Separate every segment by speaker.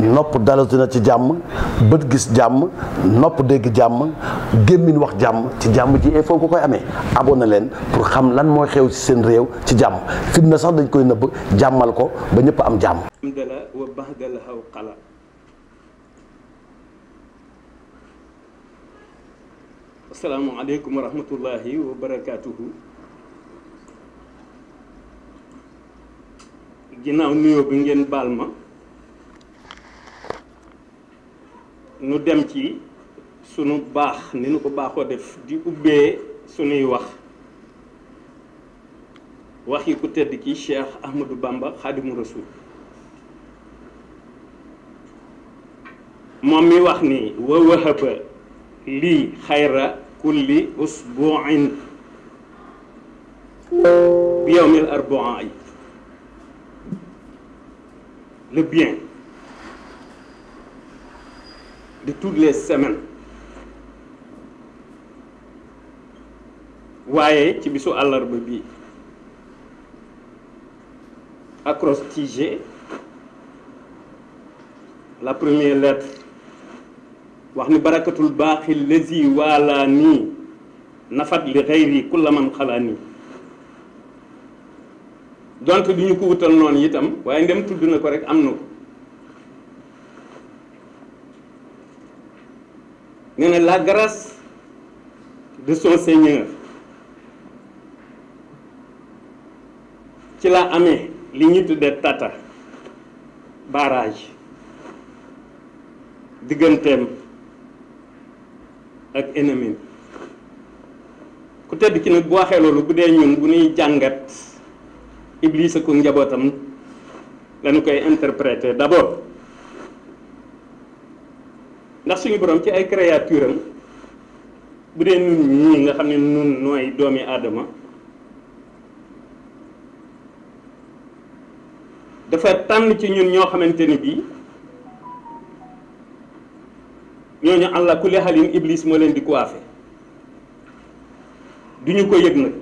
Speaker 1: nopp dalatu na ci jàmm bët gis jàmm nopp dégg jàmm gémmiñ wax jàmm ci jàmm ji il faut nga koy amee abonné leen pour xam lan mooy xew ci seen réew ci jàmm fitna sax dañ koy nëbb jàmmal ko ba ñépp am jàmm asalaamaaleykum wa rahmatullahi wa bi ngeen baal ma nu dem ci sunu baax ni nu ko baaxoo def di ubbee sunuy wax waxi ku tedd ki Cheikh Ahmadou Bamba Xaadimu Rasul moom mi wax ni wa wahaba lii xayra kulli li bi yawmil arbaa yi le bien de les semaines waaye ci bisu àllarba bii acrostiche la première lettre wax ni barakatul baaxi lezi waalaa nii nafat li xayri kulla man xalaat nii donte du ñu ko wutal noonu itam waaye ndem tudd na ko rek am na nee la grâce de son Seigneur ci la amee li ñu tuddee tata barrage digganteem ak ennemi ku tedd ki nag bu waxee loolu bu dee ñun bu ñuy jàngat Iblis ak njabootam lañu koy interpréter d'abord. ndax suñu boroom ci ay créature am bu dee nun ñii nga xam ne nun nooy doomi aadama dafa tànn ci ñun ñoo xamante ni bii ñooñu àlla ku lexalin iblis moo leen di coiffé duñu ko yëg nag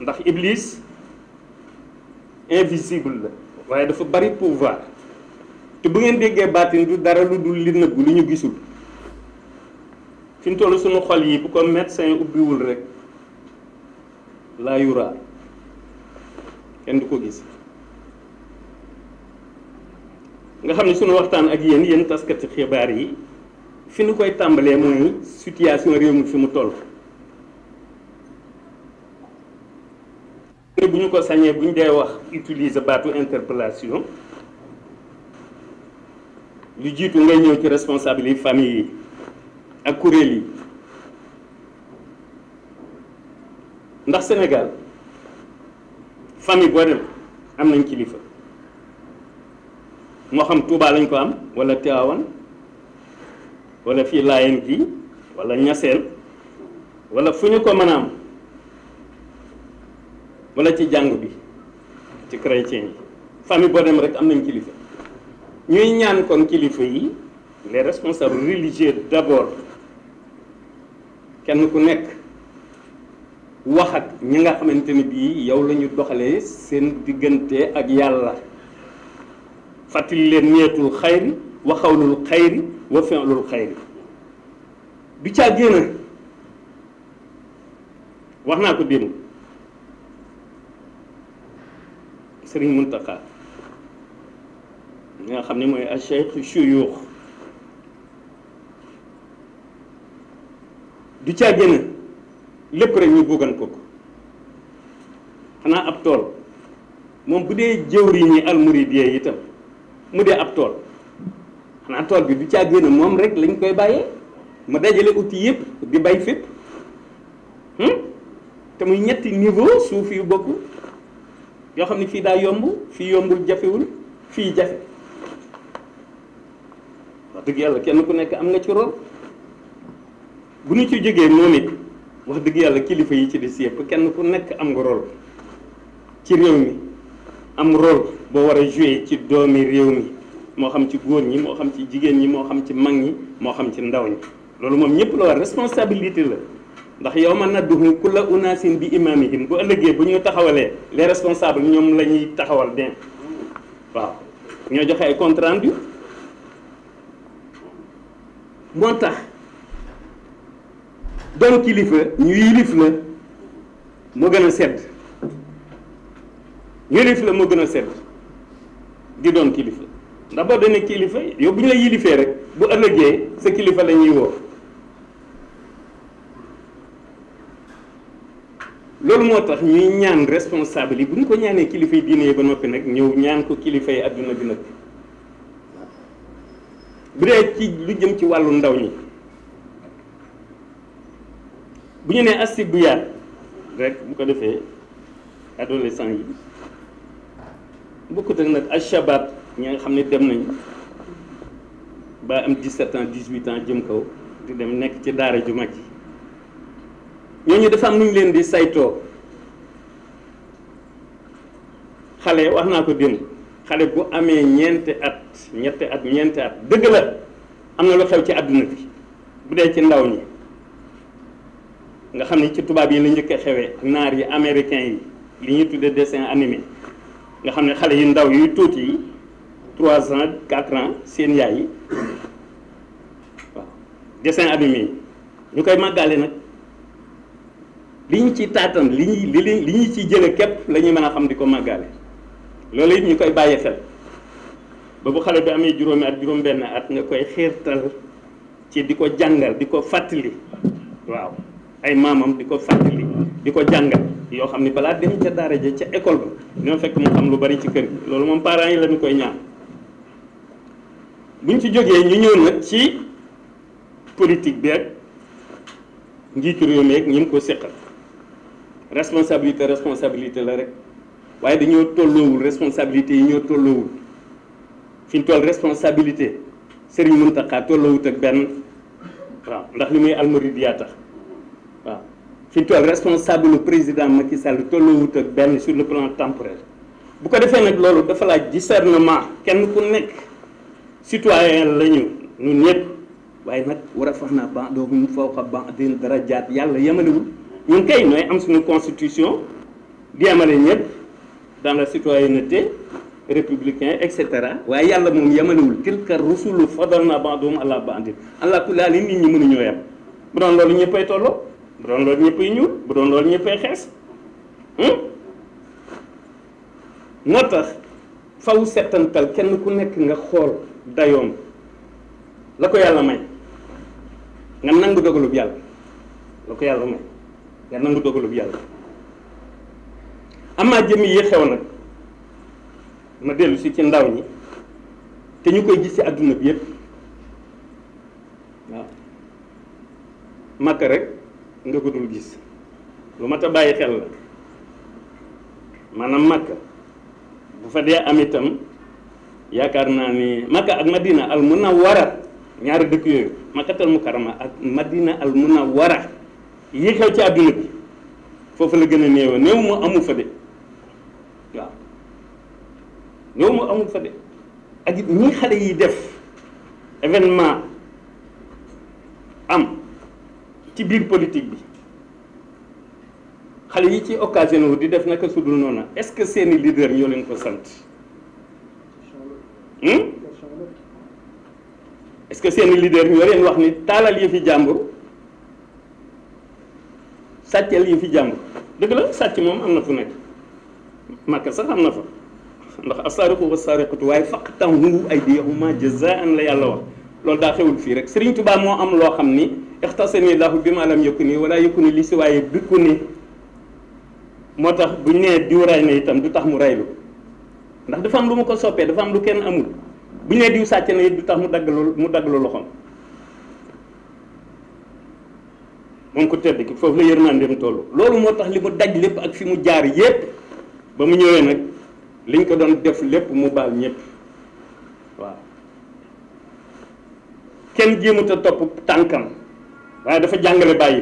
Speaker 1: ndax iblis invisible la waaye dafa bari pouvoir te bu ngeen déggee baatin du dara lu dul li nëbbu lu ñu gisul fi mu toll suñu xol yi bu ko médecin ubbiwul rek laa yuraa kenn du ko gis nga xam ne suñu waxtaan ak yéen yéen taskati xibaar yi fi nu koy tàmbalee mooy situation réew mi fi mu toll bu ñu ko sañee bu ñu dee wax utiliser baatu interpellation lu jiitu ngay ñëw ci responsable yi famille yi ak kuréel yi ndax Sénégal famille boo dem am nañ kilifa moo xam Touba lañ ko am wala Tivaouane wala fii Laayeen gi wala Ñaseen wala fu ñu ko mën a ci jàng bi ci chrétien yi famille boo dem rek am nañ kilifa ñuy ñaan kon kilifa yi les responsables religieux d'abord kenn ku nekk wax ak ñi nga xamante ni bii yow la ñu doxalee seen diggante ak yàlla fàttali leen niyetul xayri wa xawlul xayri wa fi'lul du caa génn wax naa ko démb sëriñ Muntaxa nga xam ni mooy a cheikh shuyuux du caa génn lépp rek ñu buggan ko xanaa ab tool moom bu dee jëwri ñi almuridiyee itam mu dee ab tool xanaa tool bi du caa génn moom rek lañ koy bàyyee mu dajale outil yépp di bay fépp hmm? te muy ñetti niveau suuf yu bokk yoo xam ne fii daa yomb fii yombul jafewul fii jafe wax dëgg yàlla kenn ku nekk am nga ci rôle bu ñu ci jógee moom wax dëgg yàlla kilifa yi ci des yëpp kenn ku nekk am nga ci réew mi am rôle boo war a joué ci doomi réew mi moo xam ci góor ñi moo xam ci jigéen ñi moo xam ci mag ñi moo xam ci ndaw ñi loolu moom ñëpp la war responsabilité la ndax yow ma nadduhum kulla unaasin bi imaamihim bu ëllëgee bu ñu taxawalee les responsables ñoom la taxawal bien waaw ñoo joxe ay compte rendu moo tax doon kilifa ñu yilif la mu gën a sedd yilif la moo gën a sedd di doon kilifa ndax boo doonee kilifa yow bu ñu la yilifee rek bu ëllëgee sa kilifa lañuy ñuy woo loolu moo tax ñuy ñaan responsable yi bu ñu ko ñaanee kilifa yi ba noppi nag ñëw ñaan ko kilifa yi adduna bi nag bu dee ci lu jëm ci wàllu ndaw ñi bu ñu nee astibyaat rek bu ko defee adolescent yi bokkut ak nag ashabaab ñi nga xam ne dem nañ ba am 17 ans 18 ans jëm kaw di dem nekk ci daara ju mag yi ñooñu dafa am lu ñu leen di saytoo xale wax naa ko démb xale bu amee ñeenti at ñetti at ñeenti at dëgg la am na lu xew ci àdduna bi bu dee ci ndaw ñi nga xam ne ci tubaab yi la njëkk a xewee naar yi américains yi li ñu tuddee dessin animé nga xam ne xale yu ndaw yuy tuuti yi trois ans quatre ans seen yaay yi waaw dessin animé yi ñu koy màggaale nag li ñu ci taatan li ñuy li li ñu ci jële képp la ñuy mën a xam di ko màggaale loolu it ñu koy bàyyi xel ba bu xale bi amee juróomi at juróom benn at nga koy xiirtal ci di ko jàngal di ko fàttali waaw ay maamam di ko fàttali di ko jàngal yoo xam ni balaa dem ca daara ja ca école bi ñoo fekk mu xam lu bari ci kër gi loolu moom parents yi la ñu koy ñaan buñ ci jógee ñu ñëw nag ci politique bi ak njiitu réew mi ak ñi ko seqal responsabilité responsabilité la rek waaye dañoo tolloowul responsabilité yi ñoo tolloowul fi ñu toll responsabilité Serigne Mountakha tolloowut ak benn waaw ndax li muy almuridiya tax fi ñu toll responsable le président Macky Sall tolloowut ak benn sur le plan temporel bu ko defee nag loolu dafa laaj discernement kenn ku nekk citoyen la ñu ñun ñëpp waaye nag war a fax naa ban doomu mu faw xa ban dara jaat yàlla yemalewul ñun kay nooy am suñu constitution di yemale ñëpp dans la et cetera waaye yàlla moom yemalewul tilka rusulu fadal na ban doomu àla bandin nit ñi mënuñoo yem bu doon loolu ñëppay tolloo bu doon loolu ñëppay ñuul bu doon loolu ñëppay xees hmm? moo tax faw settantal kenn ku nekk nga xool dayoom la ko yàlla may nga nangu dogalub yàlla la ko yàlla may nga nangu dogalub yàlla amaa jëmm yi xew nag ma dellusi ci ndaw ñi te ñu koy gis ci àdduna bi yépp waaw makka rek nga ko dul gis lu mat a bàyyi xel la maanaam makka bu fa dee am itam yaakaar naa ni makka ak madina al munawwara ñaari dëkk yooyu makkatal mukarrama ak madina al munawwara yi xew ci àdduna bi foofu la gën a néew néew mu amul fa de waaw néew mu amul fa de ak it xale yi def événement am ci biir politique bi xale yi ci occasion di def naka su dul noonu est-ce que seeni leader ñoo leen ko sant hmm? est-ce que seeni leader ñoo leen wax ni taalal yi fi jàmbur sàcceel yi fi jàmbur dëgg la sàcc moom am na fu nekk màkka sax am na fa ndax asaariqu wa saariqatu waaye faqtanhu aydiyahumaa jazaan la yàlla wax loolu daa xewul fii rek Serigne Touba moo am loo xam ni ixtasani lahu bi ma lam yëkku nii wala yëkku ni li si waaye bikku ni moo tax bu ñu nee diw ray na itam du tax mu raylu ndax dafa am lu ma ko soppee dafa am lu kenn amul bu ñu nee diw sàcc na it du tax mu dagg lu mu dagg lu loxoom moom ko tedd ki foofu la yërmandeem toll loolu moo tax li mu daj lépp ak fi mu jaar yépp ba mu ñëwee nag liñ ko doon def lépp mu baal ñépp waaw kenn jéemuta topp tànkam waaye dafa jàngale bàyyi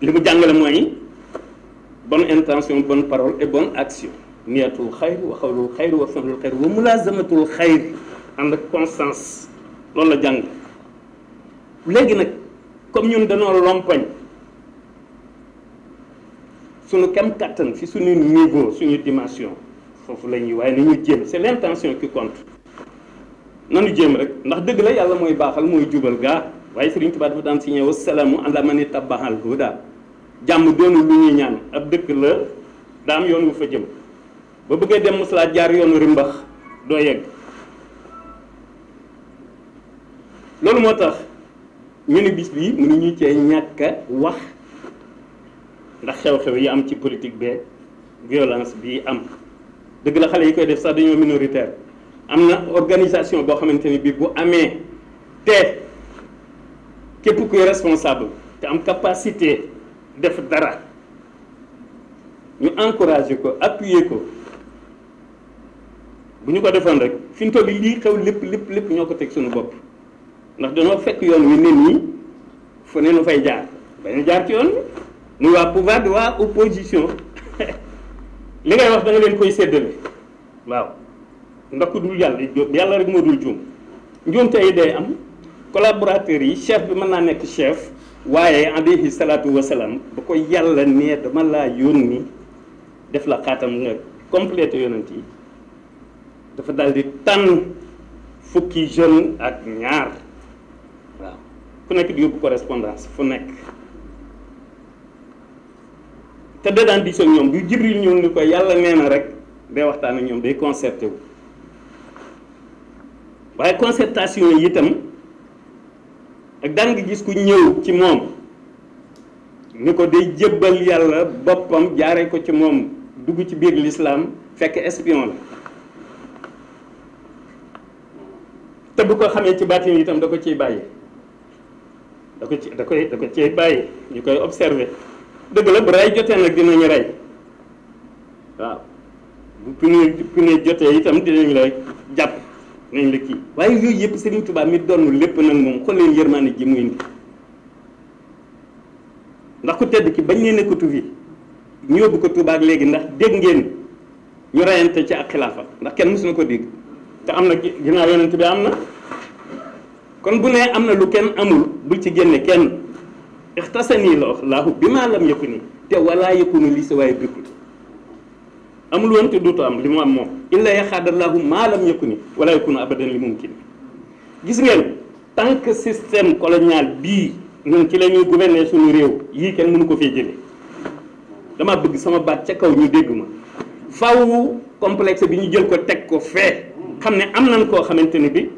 Speaker 1: fi li mu jàngale mooy bon intention bonne parole et bonne action niyatul xayr wa xawlul xayr wa fenlul xayr wa mulazamatul xayr ànd ak constance loolu la jàng léegi nag comme ñun dañoo lompañ suñu kem kàttan fi suñu niveau suñu dimension foofu la ñuy waaye nañu jéem c'est l'intention qui compte nanu jéem rek ndax dëgg la yàlla mooy baaxal mooy jubal gaa waaye Sëriñ Tuubaa dafa daan signé wasalaamu ala mani tabahal huda jàmm doonu lu ñuy ñaan ab dëkk la daam yoon wu fa jëm ba bëggee dem mosalaa jaar yoonu rimbax doo yegg loolu moo tax ñu ni bis bi mënu ñu cee ñàkk a wax ndax xew-xew yi am ci politique bee violence bi am dëgg la xale yi koy def sax dañoo minoritaire am na organisation boo xamante ni bi bu amee tee képp kuy responsable te am capacité def dara ñu encouragé ko appuyer ko bu ñu ko defoon rek fi mu toll lii xew lépp lépp lépp ñoo ko teg suñu bopp ndax dañoo fekk yoon wi nit ñi fu ne nu fay jaar bañu jaar ci yoon wi muy waa pouvoir di waa opposition li ngay wax da leen koy séddale waaw ndax ku dul yàlla yàlla rek moo dul juum njuum tey day am collaborateur yi chef bi mën naa nekk chef waaye alayhi salaatu wasalaam ba ko yàlla ne dama laa yónni def la xaatam nga complété yonent dafa daal di tànn fukki jeune ak ñaar waaw ku nekk di yóbbu correspondance fu nekk te da daan diisoo ñoom bu jibril ñëw ni ko yàlla nee na rek day waxtaan ak ñoom day concerté waaye concertation yi itam ak daan gis ku ñëw ci moom ni ko day jébbal yàlla boppam jaare ko ci moom dugg ci biir lislaam fekk espion la te bu ko xamee ci baatin itam da ko ciy bàyyi da ko ci da koy da ko ciy bàyyi ñu koy observé dëgg la bu rey jotee nag dinañu rey waaw bu pune pune jotee itam dinañ la jàpp nañ la kii waaye yooyu yëpp Serigne Touba mi doon lépp nag moom xool leen yërmaane ji mu indi ndax ku tedd ki bañ leen nekkatu fi ñu yóbbu ko Touba ak léegi ndax dégg ngeen ñu rayante ci ak xilaafa ndax kenn mësu na ko digg te am na ginnaaw yonent bi am na kon bu nee am na lu kenn amul bul ci génne kenn ixtasani la loo laahu bi maa lam yëkku nii te walaa yëkkunu lii sa waaye biku amul woon te dootu am li mu am moom illa yaxaadallahu maalam yakuni wala yakunu abadan li kii gis ngeen tant que système colonial bii ñun ci la ñuy gouverner suñu réew yii kenn mënu ko fee jële dama bëgg sama baat ca kaw ñu dégg ma faw complexe bi ñu jël ko teg ko fee xam ne am nan koo xamante ni bi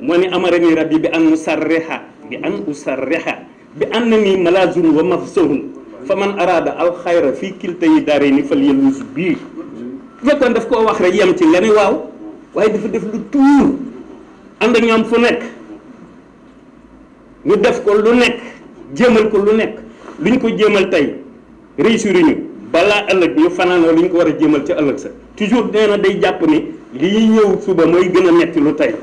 Speaker 1: moo ni amarani rabbi bi an usarriha bi an usarriha bi am na ni malazun wa mafsahun fa man araada alxayra fii kilta yi daare ni fal yelus bii fekkoon daf koo wax rek yem ci nga ne waaw waaye dafa def lu tuur ànd ñoom fu nekk ñu def ko lu nekk jéemal ko lu nekk lu ñu ko jéemal tey réussir ñu balaa ëllëg ñu fanaanoo lu ñu ko war a jéemal ca ëllëg sa toujours nee na day jàpp ni lii ñëw suba mooy gën a metti lu tey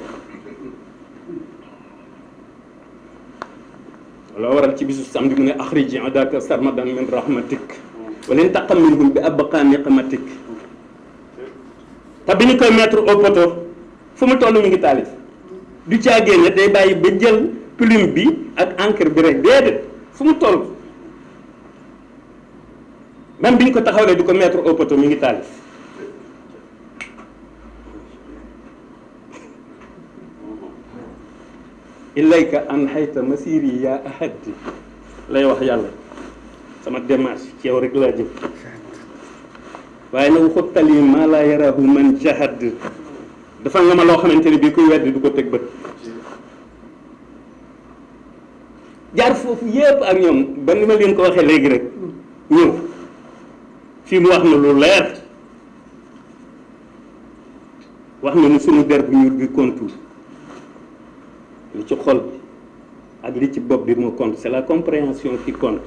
Speaker 1: loo waral ci bisu samedi mu ne axriji adaka sarmadan min rahmatik waleen taqam minhum bi abqa niqmatik te bi ñu koy mettre au poteau fu mu toll ñu ngi taalif du ci ne day bàyyi ba jël plume bi ak encre bi rek déedéet fu mu toll même bi ñu ko taxawalee di ko mettre opoto poteau mi ngi taalif ilayka an xayta masir yi yaa ahaddi lay wax yàlla sama démarche ci yow rek laa jëm waaye nag xuttali maa laa yaraahu man jahad dafa nga ma loo xamante ne bii kuy weddi du ko teg bët jaar foofu yépp ak ñoom ba ni ma leen ko waxee léegi rek ñëw fii mu wax na lu leer wax na ni sunu der bu ñuul bi kontuur li ci xol ak li ci bopp bi moo compte c'est la compréhension qui compte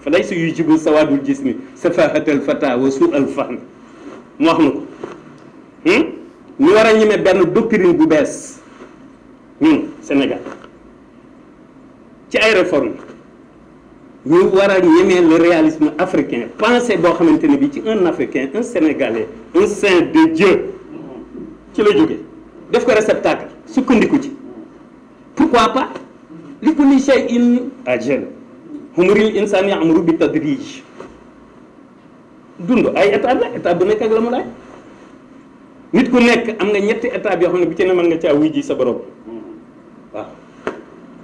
Speaker 1: fa lay su yujibu sawaadul jismi safahatal fata wa su al fahmi mu wax na ko hmm? ñu war a ñeme benn doctrine bu bees ñun Sénégal ci ay réforme ñu war a ñeme le réalisme africain pensée boo xamante ne bi ci un africain un sénégalais un saint de Dieu ci la jóge def ko réceptacle sukkandiku ci pourquoi pas li kulli shay'in ajal humril insani amru bi tadrij dund ay étape la étape bu nekk ak la mu laaj nit ku nekk am nga ñetti étape yoo xam ne bu ci ne man nga caa wuy ji sa borom waaw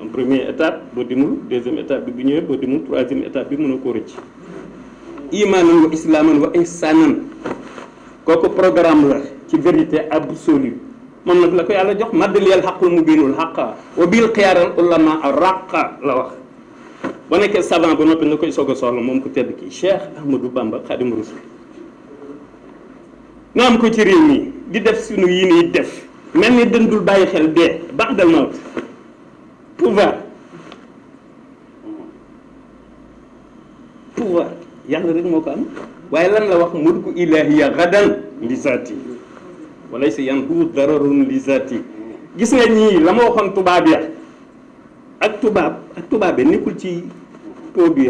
Speaker 1: am première étape boo dimul deuxième étape bi bu ñëwee boo dimul troisième bi mën a koo rëcc imaanan wa islaaman wa ihsaanan kooku programme la ci vérité absolue moom nag la ko yàlla jox maddaliyal xaqul mubinul xaqa wa bil xiyaaral ulama raqa la wax boo nekkee savant noppi nga koy soog a soxla moom ku tedd ki Cheikh Ahmadou Bamba Xaadimu Rasul nga am ko ci réew di def suñu yi nii def mel ni dëndul bàyyi xel dee baax dal mawt pouvoir pouvoir yàlla rek ko am waaye lan la wax mulku ilaahiya gadan li zaati wala si yan hu dararun li zati gis nga ñii la ma waxoon tubaab ya ak tubaab ak tubaab ya nekkul ci po bi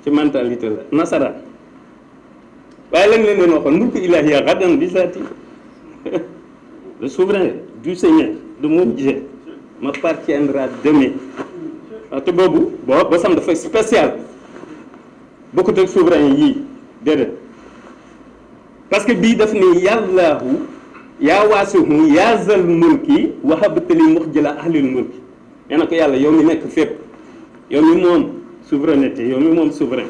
Speaker 1: ci mentalité la nasaraan waaye lañ leen doon waxoon mulku ilahiya gadan li zati le souverain du Seigneur de mon Dieu m'appartiendra demain waaw ah, te boobu boo ba sam dafa spécial bokkut ak souverain yii déedéet parce que bii daf ne yàllaahu yaa waasuhu yaa zal mulki waxabatali muxjila ahlil mulki nee na ko yàlla yow mi nekk fépp yow mi moom souveraineté yow mi moom souverain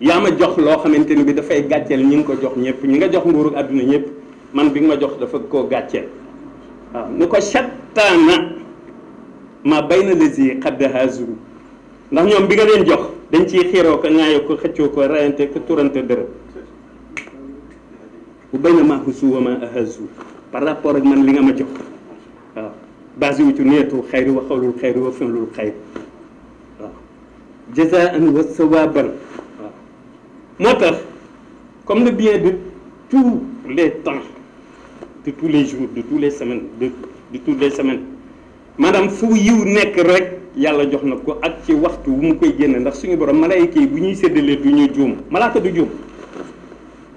Speaker 1: yaa ma jox loo xamante ni bi dafay gàcceel ñi nga ko jox ñëpp ñi nga jox nguuru àdduna ñëpp man bi nga ma jox dafa koo gàcceel waaw ni ko chattaana ma bay na lesi xaddaha ndax ñoom bi nga leen jox dañ ci xiroo ko ŋaayoo ko xëccoo ko rayante ko turante dërëm bu bay na maa xusu ahazu par rapport ak man li nga ma jox waaw base wu ci neetu xayri wa xawlul xayri waaw jazaan wa moo tax comme le bien de tous les temps de tous les jours de tous les semaines de de toutes les semaines maanaam fu yiw nekk rek yàlla jox na ko ak ci waxtu wu mu koy génne ndax suñu borom malayka yi bu ñuy séddalee du ñu juum malaaka du juum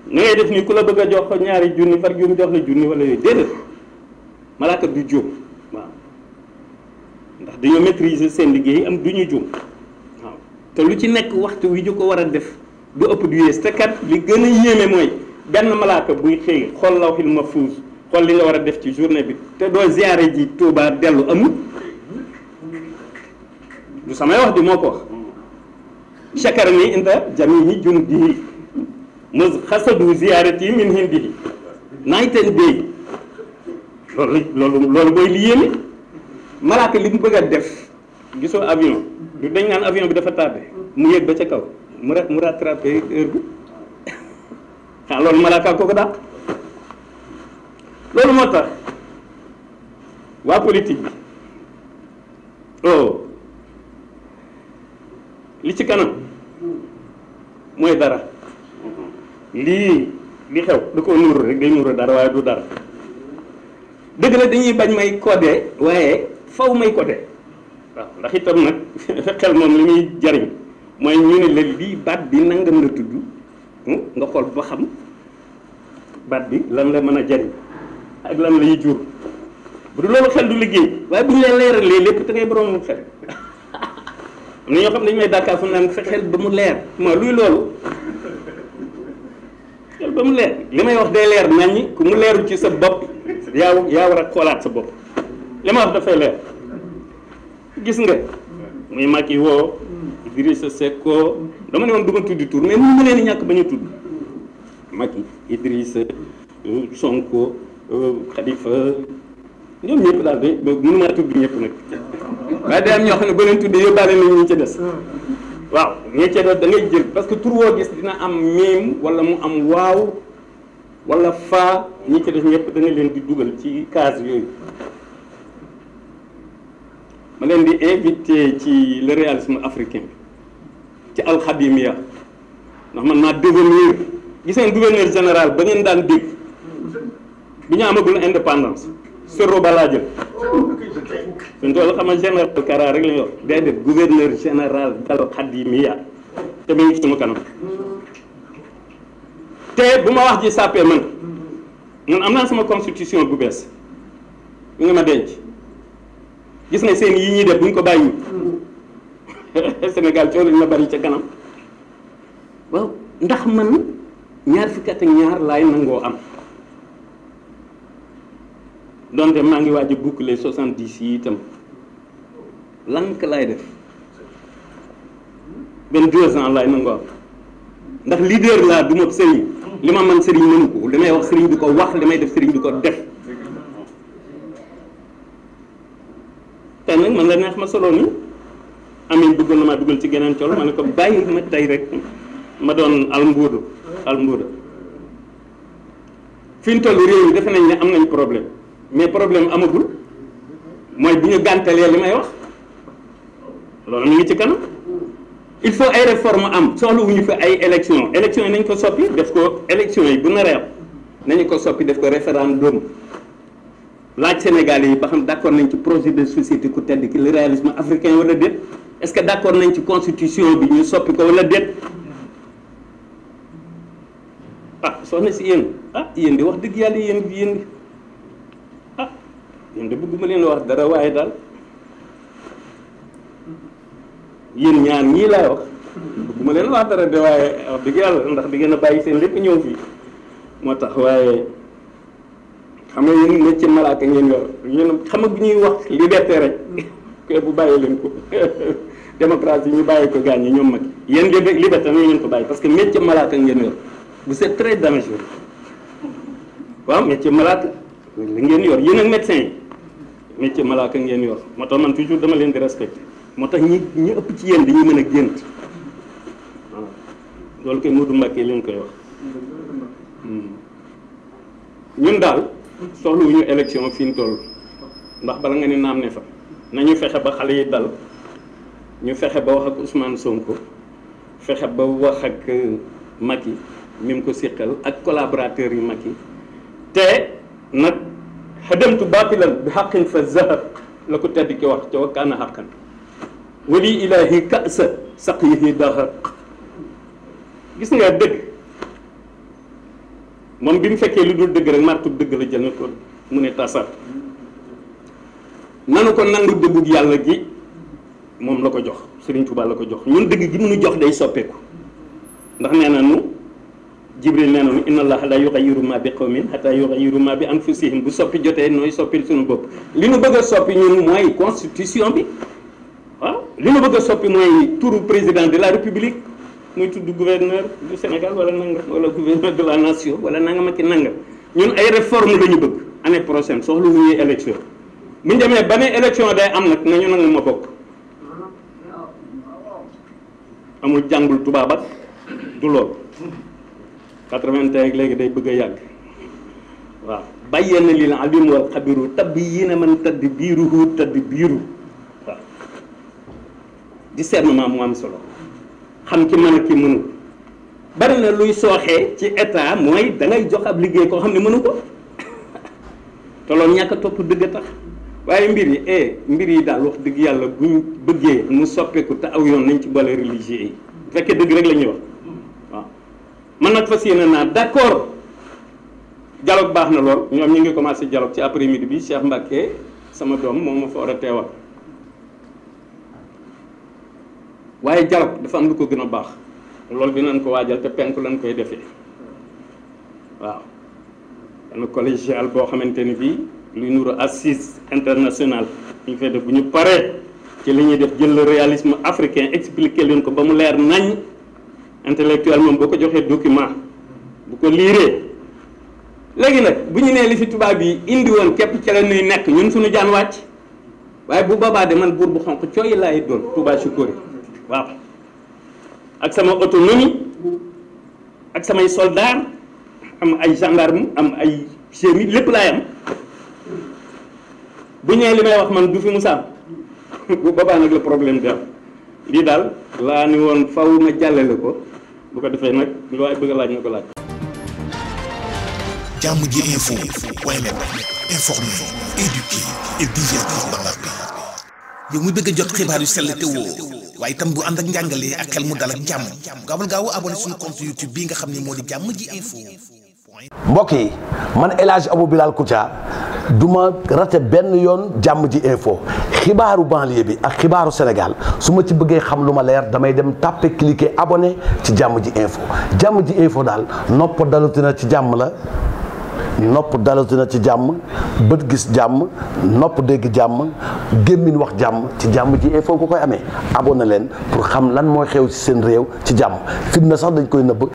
Speaker 1: ni ngay def nii ku la bëgg a jox ko ñaari junni far juum jox la junni wala yooyu déedéet malaaka du juum waaw ndax dañoo maîtriser seen liggéey am du ñu juum waaw te lu ci nekk waxtu wi ju ko war a def du ëpp du yées te kat li gën a yéeme mooy benn malaaka buy xëy xool lawhil mahfuus xool li nga war a def ci journée bi te doo ziare ji Tuubaa dellu amul lu samay wax di moo ko wax chakar ni inda jamini junubihi mus xasadu ziyaarati min hindihi night and day loolu loolu booy li yéeme malaaka li mu bëgg a def gisoo avion du dañ naan avion bi dafa tardé mu yéeg ba ca kaw mu ra mu rattrapé heure bi ah, loolu malaaka kooku daal loolu moo tax waa politique bi oh ci kanam mooy dara lii li xew da ko nuuru rek day nuuru dara waaye du dara dëgg la dañuy bañ may codé waaye faw may codé waaw ndax itam nag xel moom li muy jariñ mooy ñu ne la lii baat bi nangam la tudd hmm, nga xool ba xam baat bi lan la mën a jariñ ak lan la ñuy jur bu du loolu xel du liggéey waaye bu ñu la leeralee lépp te ngay xel am ñoo xam ne dañu may dàkkaar fu naan fexeel ba mu leer ma luy loolu fexeel ba mu leer li may wax day leer naññi ku mu leeru ci sa bopp yaa yaa war a xoolaat sa bopp li ma wax dafay leer gis nga muy Macky woo Idrissa sa koo dama ne woon du ma tuddi tur mais mun ma leen ñàkk ba ñu tudd Macky Idrissa Sonko euh, Khalifa ñoom ñëpp daal de mënu maa tudd ñëpp nag waaye day am ñoo xam ne ba leen tuddee yóbbaale nañ ñi ca des waaw ñi ca des da jël parce que tur woo gis dina am miim wala mu am waaw wala faa ñi ca des ñëpp dangay leen di dugal ci case yooyu ma leen di invité ci le réalisme africain ci alxadimia ndax man maa devenir gis ngeen gouverneur général ba ngeen daan dégg bi a amagul indépendance soro balaa jël suñ tool xam nga général Kara rek la ñu wax day def gouverneur général dal xadimiya te mu ngi sunu kanam te bu ma wax ji sàppee man man am naa sama constitution bu bees bu nga ma denc gis nga seen yi ñuy def buñ ko bàyyi Sénégal coono ñu ma bari ca kanam waaw ndax man ñaar fukki at ak ñaar laay nangoo am donte maa ngi waaj a boucler soixante dix yi tam lank laay def benn deux ans laay nangoo ndax leader laa du ma li ma man sëriñ mënu ko li may wax sëriñ di ko wax li may def sëriñ di ko def tey man la neex ma solo ni amiin bëggoon na maa dugal ci geneen col ma ne ko bàyyi ma tey rek ma doon almbuudu almbuuda fi ñu toll réew mi defe nañ ne am nañ problème mais problème amagul mooy bu ñu gàntalee li may wax loolu mu ngi ci kanam il faut ay réforme am soxlawuñu fi ay élection élection yi nañ ko soppi def ko élection yi bu na reew nañu ko soppi def ko référendum laaj Sénégalais yi ba xam d'accord nañ ci projet de société ku tedd ki le réalisme africain wala déet est-ce que d'accord nañ ci constitution bi ñu soppi ko wala déet ah soxna si yéen ah yéen di wax dëgg yàlla yéen yéen ñun de bëgguma leen wax dara waaye daal yéen ñaan ñii laay wax bëgguma leen wax dara de waaye wax dëgg yàlla ndax bi ngeen a bàyyi seen lépp ñëw fii moo tax waaye xam nga yéen métier malaaka ngeen yor yéen xam nga ñuy wax liberté rek kay bu bàyyi leen ko démocratie ñu bàyyi ko gaañ ñi ñoom mag yéen liberté na ngeen ko bàyyi parce que métier malaaka ngeen yor bu c'est très dangereux waaw métier malaaka la ngeen yor yéen ak médecin yi métier malaaka ngeen yor moo tax man toujours dama leen di respecté moo tax ñi ñi ëpp ci yéen dañuy mën a gént waaw loolu koy Modou Mbacké leen koy wax hmm. ñun daal soxlawuñu élection fi ñu toll ndax bala nga ne naam ne fa nañu fexe ba xale yi dal ñu fexe ba wax ak Ousmane Sonko fexe ba wax ak euh, Macky mi mu ko siqal ak collaborateurs yi Macky te nag fa demtu baatilan bi xaqin fa zahar la ko tedd ki wax ca wa kaana xaqan wali ilaahi kasa saq yihi dahar gis nga dëgg moom bi mu fekkee lu dul dëgg rek martub dëgg la jël na ko mu ne tasar nanu ko nangu dëggug yàlla gi moom la ko jox Sëriñ Tuubaa la ko jox ñun dëgg gi mënu jox day soppeeku ndax nee na nu jibril nee noonu inna allaha la yughayyiru ma bi qawmin hatta yughayyiru ma bi anfusihim bu soppi jotee nooy soppil suñu bopp li ñu bëgg a soppi ñun mooy constitution bi waaw li ñu bëgg a soppi mooy turu président de la république muy tudd gouverneur du Sénégal wala nangam wala gouverneur de la nation wala ma ak nanga ñun ay réforme la ñu bëgg année prochaine soxla wuñuy élection bu ñu demee ba ne élection day am nag nañu nangu ma bokk amul jàngul tubaab ak quatre-vingt-un ak léegi day bëgg a yàgg waaw bàyyeen na lii la alim wal xabiru tabb yi ne man tëdd biiruhu tëdd biiru waaw discernement mu am solo xam ki mën a ki mënu bari luy sooxee ci état mooy dangay jox ab liggéey koo xam ne mënu ko te loolu ñàkk topp dëgg a tax waaye mbir yi eh mbir yi daal wax dëgg yàlla buñ bëggee mu soppeeku te aw yoon nañ ci boole religieux yi bu fekkee dëgg rek la ñuy man nag fas yéene naa d'accord dialogue baax na lool ñoom ñu ngi commencé dialogue ci après midi bi Cheikh Mbacké sama doom moom ma fa war a teewal waaye dialogue dafa am lu ko gën a baax loolu dinañ ko waajal te penku lañ koy defee waaw benn collégial boo xamante ni bii luy nuru assise internationale ñu fay def bu ñu paree ci li ñuy def jël réalisme africain expliqué leen ko ba mu leer nañ intellectuel moom boo ko joxee document bu ko liiree léegi nag bu ñu nee li fi tubaab yi indi woon képp ca la nuy nekk ñun suñu jaan wàcc waaye bu boobaa de man buur bu xonq cooy laay doon Touba Chikoori waaw ak sama autonomie ak samay soldat am ay gendarme am ay gémi lépp laay am bu ñëwee li may wax man du fi mu bu boobaa nag la problème bi am daal laa ni woon faw ma jàllale ko bu ko ji info waaye nag informer, mi bëgg a jot xibaar yu sell te woo waaye itam bu ànd ak njàngalee ak xel mu dal ak jàmm gaawal gaaw abonné suñu compte YouTube bii nga xam ne moo di jàmm ji info. mbokk yi man El Hadj Abou Bilal du ma rate benn yoon jàmm ji info xibaaru banlieue bi ak xibaaru Sénégal su ma ci bëggee xam lu ma leer damay dem tàppe cliquer abone ci jàmm ji info jàmm ji info daal nopp dalutina ci jàmm la nopp dalatina ci jàmm bët gis jàmm nopp dégg jàmm gémmiñ wax jàmm ci jàmm ji info ko koy amee abonné leen pour xam lan mooy xew ci seen réew ci jàmm fitna sax dañ koy nëbb